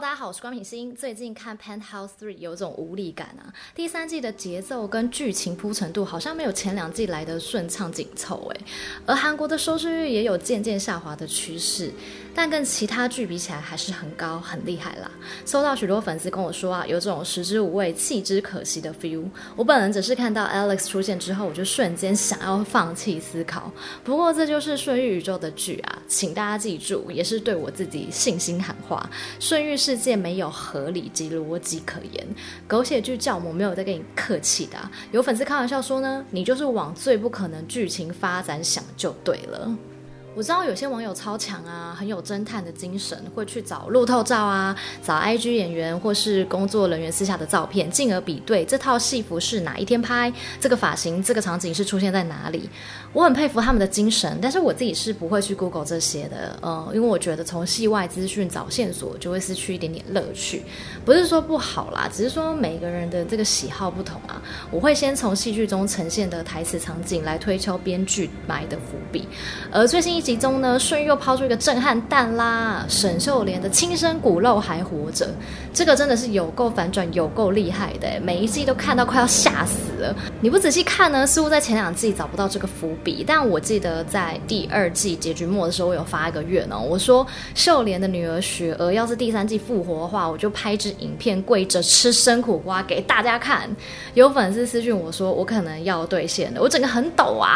大家好，我是官品心。最近看《Penthouse Three》有種無力感啊，第三季的節奏跟劇情鋪陳度好像沒有前兩季來得順暢緊湊誒。而韓國的收視率也有漸漸下滑的趨勢，但跟其他劇比起來還是很高很厲害啦。收到許多粉絲跟我說啊，有這種食之無味棄之可惜的 feel。我本人只是看到 Alex 出現之後，我就瞬間想要放棄思考。不過這就是順玉宇宙的劇啊，請大家記住，也是對我自己信心喊話。順玉是。世界沒有合理及邏輯可言，狗血劇教母沒有在跟你客氣的啊。有粉絲開玩笑說呢，你就是往最不可能劇情發展想就對了。我知道有些網友超強啊，很有偵探的精神，會去找路透照啊，找 IG 演員或是工作人員私下的照片，進而比對這套戲服是哪一天拍，這個髮型、這個場景是出現在哪裡。我很佩服他們的精神，但是我自己是不會去 Google 這些的，呃，因為我覺得從戲外資訊找線索，就會失去一點點樂趣。不是說不好啦，只是說每個人的這個喜好不同啊。我會先從戲劇中呈現的台詞、場景來推敲編劇埋的伏筆，而最新一集中呢，順又拋出一個震撼彈啦！沈秀蓮的親生骨肉還活着，這個真的是有夠反轉，有夠厲害的！每一季都看到快要嚇死了。你不仔細看呢，似乎在前兩季找不到這個伏筆。但我記得在第二季結局末的時候，我有發一個月呢，我說秀蓮的女兒雪娥要是第三季復活的話，我就拍一支影片跪着吃生苦瓜給大家看。有粉絲私訊我說，我可能要兌現的，我整個很抖啊！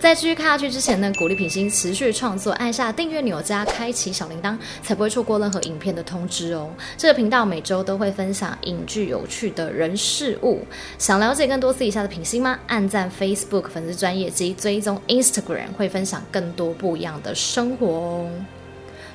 在繼續看下去之前呢，鼓勵品心持續創作，按下訂閱鈕加開啟小鈴鐺，才不會錯過任何影片的通知哦。這個頻道每周都會分享影劇有趣的人事物，想了解更多私底下的品心嗎？按讚 Facebook 粉絲專頁及追蹤 Instagram，會分享更多不一樣的生活哦。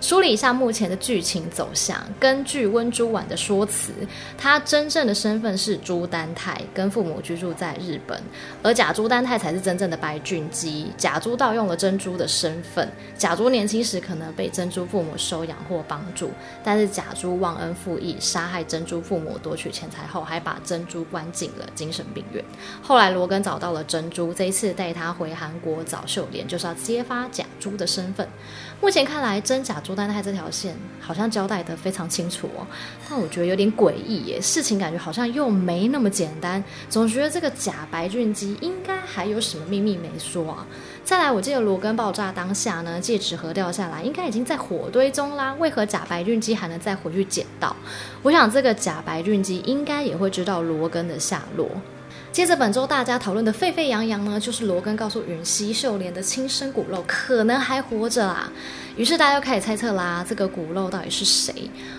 梳理一下目前的劇情走向。根據溫珠婉的說辭，他真正的身份是朱丹泰，跟父母居住在日本，而假朱丹泰才是真正的白俊基。假朱盜用了真朱的身份，假朱年輕時可能被真朱父母收養或幫助，但是假朱忘恩負義，殺害真朱父母，奪取錢財後，還把真朱關進了精神病院。後來羅根找到了真朱，這一次帶他回韓國找秀蓮，就是要揭發假朱的身份。目前看來，真假朱朱丹泰這條線好像交代的非常清楚哦，但我覺得有點詭異，事情感覺好像又沒那麼簡單，總覺得這個假白俊基應該還有什麼秘密沒說啊。再來，我記得羅根爆炸當下呢，戒指盒掉下來，應該已經在火堆中啦，為何假白俊基還能再回去撿到？我想這個假白俊基應該也會知道羅根的下落。接着本周大家討論的沸沸揚揚呢，就是羅根告訴允熙秀蓮的親生骨肉可能還活着啦。於是大家就開始猜測啦，這個骨肉到底是誰？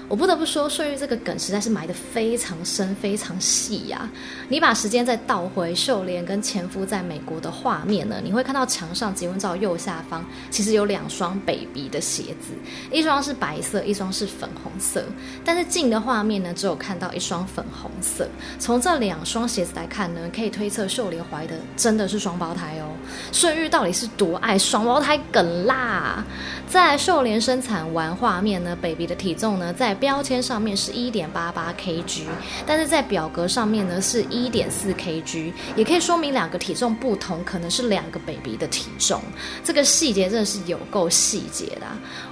我不得不說，順玉這個梗實在是埋得非常深，非常細呀、啊。你把時間再倒回秀蓮跟前夫在美國的畫面呢，你會看到牆上結婚照右下方其實有兩雙 baby 的鞋子，一雙是白色，一雙是粉紅色。但是近的畫面呢，只有看到一雙粉紅色。從這兩雙鞋子來看呢，可以推測秀蓮懷的真的是雙胞胎哦。順玉到底是多愛雙胞胎梗啦，在。在秀蓮生產完畫面呢，baby 的體重呢在標籤上面是一點八八 kg，但是在表格上面呢是一點四 kg，也可以說明兩個體重不同，可能是兩個 baby 的體重。這個細節真的是有夠細節的。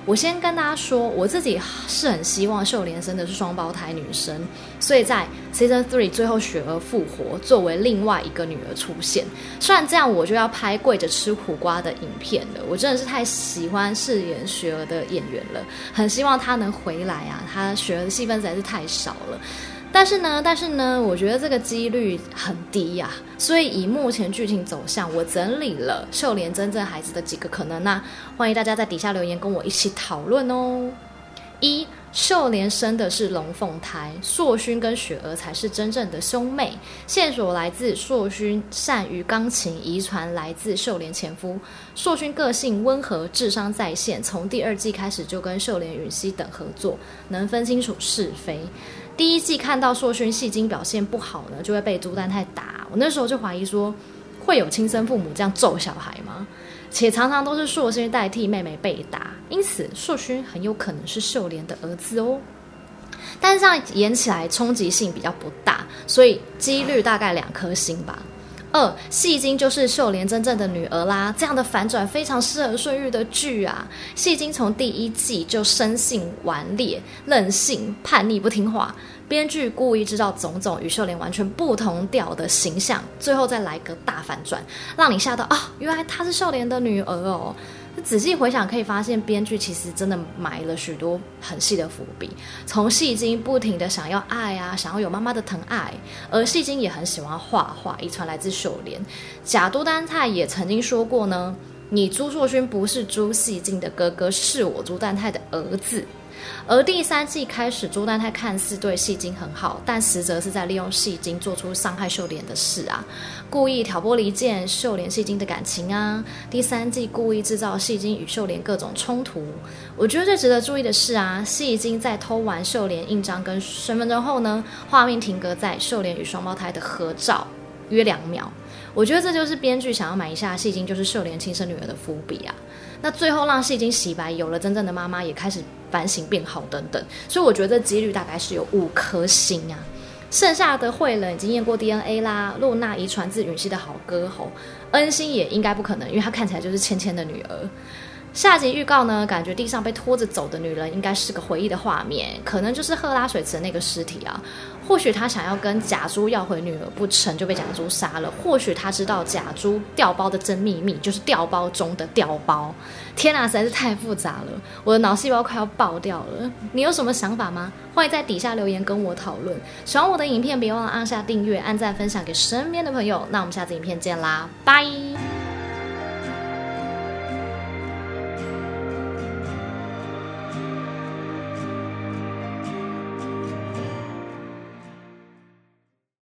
我先跟大家說，我自己是很希望秀蓮生的是雙胞胎女生，所以在 season three 最後雪娥復活，作為另外一個女兒出現。雖然這樣我就要拍跪着吃苦瓜的影片了，我真的是太喜歡飾演。雪兒的演員了，很希望他能回來啊！他雪兒的戲份實在是太少了，但是呢，但是呢，我覺得這個幾率很低呀、啊。所以以目前劇情走向，我整理了秀蓮真正孩子的幾個可能、啊，那歡迎大家在底下留言跟我一起討論哦。一秀蓮生的是龍鳳胎，碩勳跟雪娥才是真正的兄妹。線索來自碩勳善於鋼琴，遺傳來自秀蓮前夫。碩勳個性溫和，智商在線。從第二季開始就跟秀蓮、允熙等合作，能分清楚是非。第一季看到碩勳戲精表現不好呢，就會被朱丹泰打。我那時候就懷疑說，會有親生父母這樣揍小孩嗎？且常常都是碩勳代替妹妹被打，因此碩勳很有可能是秀蓮的兒子哦。但是這樣演起來衝擊性比較不大，所以幾率大概兩顆星吧。二，戲精就是秀蓮真正的女兒啦。這樣的反轉非常適合順玉的劇啊。戲精從第一季就生性頑劣、任性、叛逆、不聽話。編劇故意製造種種與秀蓮完全不同調的形象，最後再來一個大反轉，讓你嚇到啊、哦！原來她是秀蓮的女兒哦。仔細回想，可以發現編劇其實真的埋了許多很細的伏筆。從錫京不停的想要愛啊，想要有媽媽的疼愛，而錫京也很喜歡畫畫，遺傳來自秀蓮。假多丹泰也曾經說過呢，你朱錫勛不是朱錫京的哥哥，是我朱丹泰的兒子。而第三季開始，朱丹泰看似對戲精很好，但實則是在利用戲精做出傷害秀蓮的事啊，故意挑撥離間秀蓮戲精的感情啊。第三季故意制造戲精與秀蓮各種衝突。我覺得最值得注意的是啊，戲精在偷完秀蓮印章跟身份證後呢，畫面停格在秀蓮與雙胞胎的合照約兩秒。我覺得這就是編劇想要埋一下戲精就是秀蓮親生女兒的伏筆啊。那最後浪西已經洗白，有了真正的媽媽，也開始反省變好等等，所以我覺得幾率大概是有五顆星啊。剩下的惠人已經驗過 DNA 啦，露娜遺傳自允熙的好歌喉，恩星也應該不可能，因為她看起來就是芊芊的女兒。下集預告呢，感覺地上被拖着走的女人應該是個回憶的畫面，可能就是赫拉水池的那個屍體啊。或許他想要跟假朱要回女兒不成，就被假朱殺了。或許他知道假朱掉包的真秘密，就是掉包中的掉包。天啊，實在是太複雜了，我的腦細胞快要爆掉了。你有什麼想法嗎？歡迎在底下留言跟我討論。喜歡我的影片別忘了按下訂閱、按讚、分享給身邊的朋友。那我們下次影片見啦，拜。